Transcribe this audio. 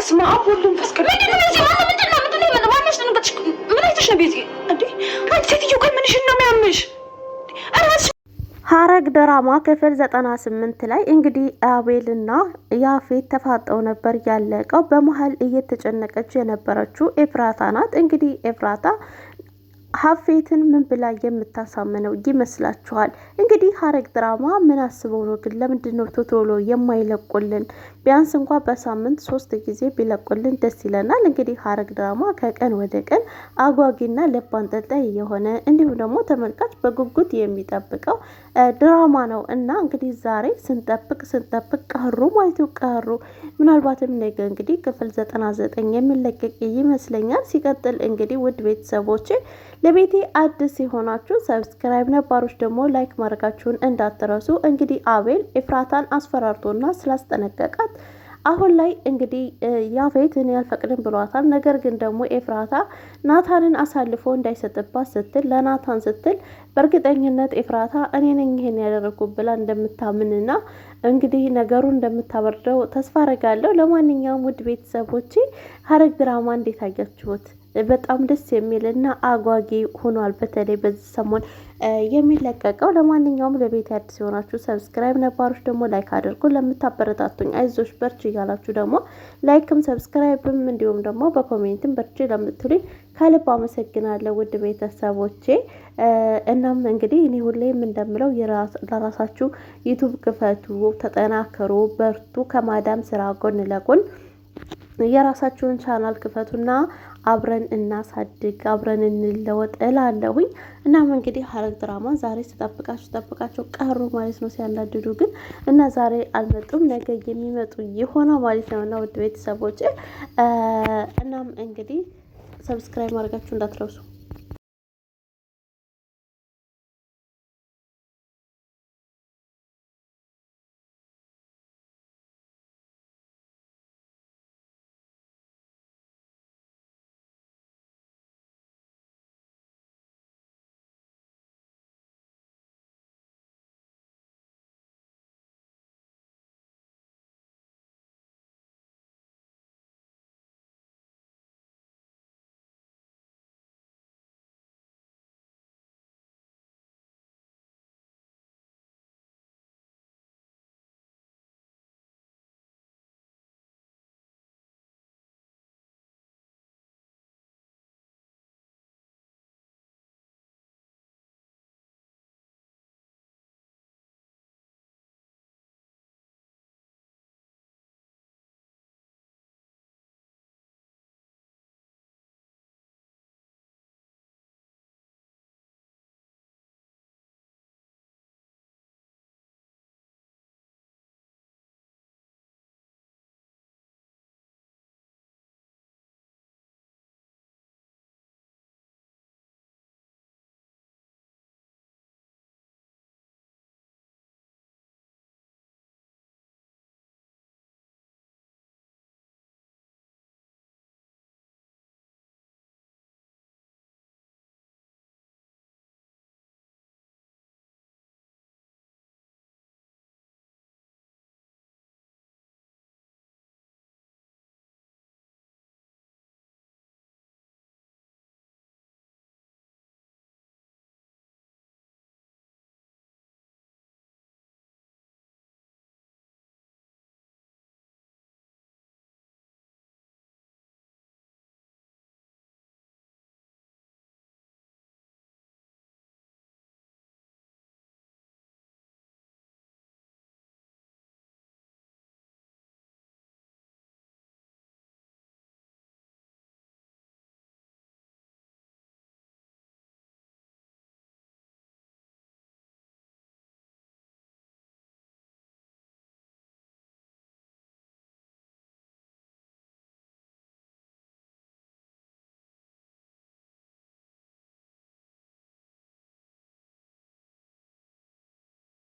በስመ አብ ወልድ መንፈስ ቅዱስ ሐረግ ድራማ ክፍል 98 ላይ እንግዲህ አቤልና ያፌት ተፋጠው ነበር ያለቀው። በመሀል እየተጨነቀች የነበረችው ኤፍራታ ናት። እንግዲህ ኤፍራታ ሀፌትን ምን ብላ የምታሳምነው ይመስላችኋል? እንግዲህ ሀረግ ድራማ ምን አስበው ነው ግን? ለምንድን ነው ቶቶሎ የማይለቁልን? ቢያንስ እንኳ በሳምንት ሶስት ጊዜ ቢለቁልን ደስ ይለናል። እንግዲህ ሀረግ ድራማ ከቀን ወደ ቀን አጓጊና ልብ አንጠልጣይ የሆነ እንዲሁም ደግሞ ተመልካች በጉጉት የሚጠብቀው ድራማ ነው እና እንግዲህ ዛሬ ስንጠብቅ ስንጠብቅ ቀሩ ማለት ቀሩ። ምናልባትም ነገ እንግዲህ ክፍል ዘጠና ዘጠኝ የሚለቀቅ ይመስለኛል። ሲቀጥል እንግዲህ ውድ ቤተሰቦች ለቤቴ አዲስ የሆናችሁ ሰብስክራይብ፣ ነባሮች ደግሞ ላይክ ማድረጋችሁን እንዳትረሱ። እንግዲህ አቤል ኤፍራታን አስፈራርቶና ስላስጠነቀቃት አሁን ላይ እንግዲህ ያፌት እኔ አልፈቅድም ብሏታል። ነገር ግን ደግሞ ኤፍራታ ናታንን አሳልፎ እንዳይሰጥባት ስትል ለናታን ስትል በእርግጠኝነት ኤፍራታ እኔ ነኝ ይሄን ያደረግኩ ብላ እንደምታምንና እንግዲህ ነገሩን እንደምታበርደው ተስፋ አረጋለሁ። ለማንኛውም ውድ ቤተሰቦቼ ሐረግ ድራማ እንዴት አያችሁት? በጣም ደስ የሚል እና አጓጊ ሆኗል። በተለይ በዚህ ሰሞን የሚለቀቀው ለማንኛውም ለቤት አዲስ የሆናችሁ ሰብስክራይብ፣ ነባሮች ደግሞ ላይክ አድርጉ። ለምታበረታቱኝ አይዞች በርች እያላችሁ ደግሞ ላይክም ሰብስክራይብም እንዲሁም ደግሞ በኮሜንትም በርች ለምትሉኝ ከልብ አመሰግናለሁ ውድ ቤተሰቦቼ። እናም እንግዲህ እኔ ሁሌም እንደምለው ለራሳችሁ ዩቱብ ክፈቱ፣ ተጠናከሩ፣ በርቱ። ከማዳም ስራ ጎን ለጎን የራሳችሁን ቻናል ክፈቱና አብረን እናሳድግ፣ አብረን እንለወጥ እላለሁኝ። እናም እንግዲህ ሐረግ ድራማ ዛሬ ስጠብቃችሁ ጠብቃቸው ቀሩ ማለት ነው። ሲያናድዱ ግን እና ዛሬ አልመጡም፣ ነገ የሚመጡ የሆነው ማለት ነው እና ውድ ቤተሰቦች እናም እንግዲህ ሰብስክራይብ ማድረጋችሁ እንዳትረሱ።